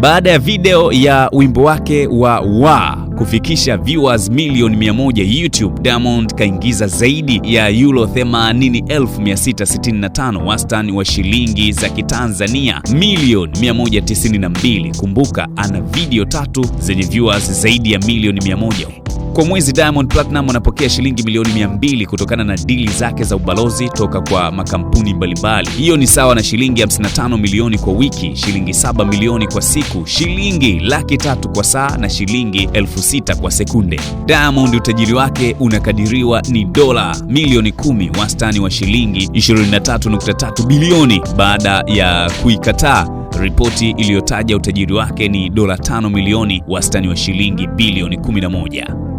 baada ya video ya wimbo wake wa wa kufikisha viewers milioni 100 YouTube, Diamond kaingiza zaidi ya euro 80,665 wastani wa shilingi za Kitanzania milioni 192. Kumbuka ana video tatu zenye viewers zaidi ya milioni 100. Kwa mwezi Diamond Platinum anapokea shilingi milioni mbili kutokana na dili zake za ubalozi toka kwa makampuni mbalimbali. Hiyo ni sawa na shilingi 55 milioni kwa wiki, shilingi 7 milioni kwa siku, shilingi laki tatu kwa saa na shilingi elfu sita kwa sekunde. Diamond utajiri wake unakadiriwa ni dola milioni kumi, wastani wa shilingi 23.3 bilioni baada ya kuikataa ripoti iliyotaja utajiri wake ni dola 5 milioni, wastani wa shilingi bilioni 11.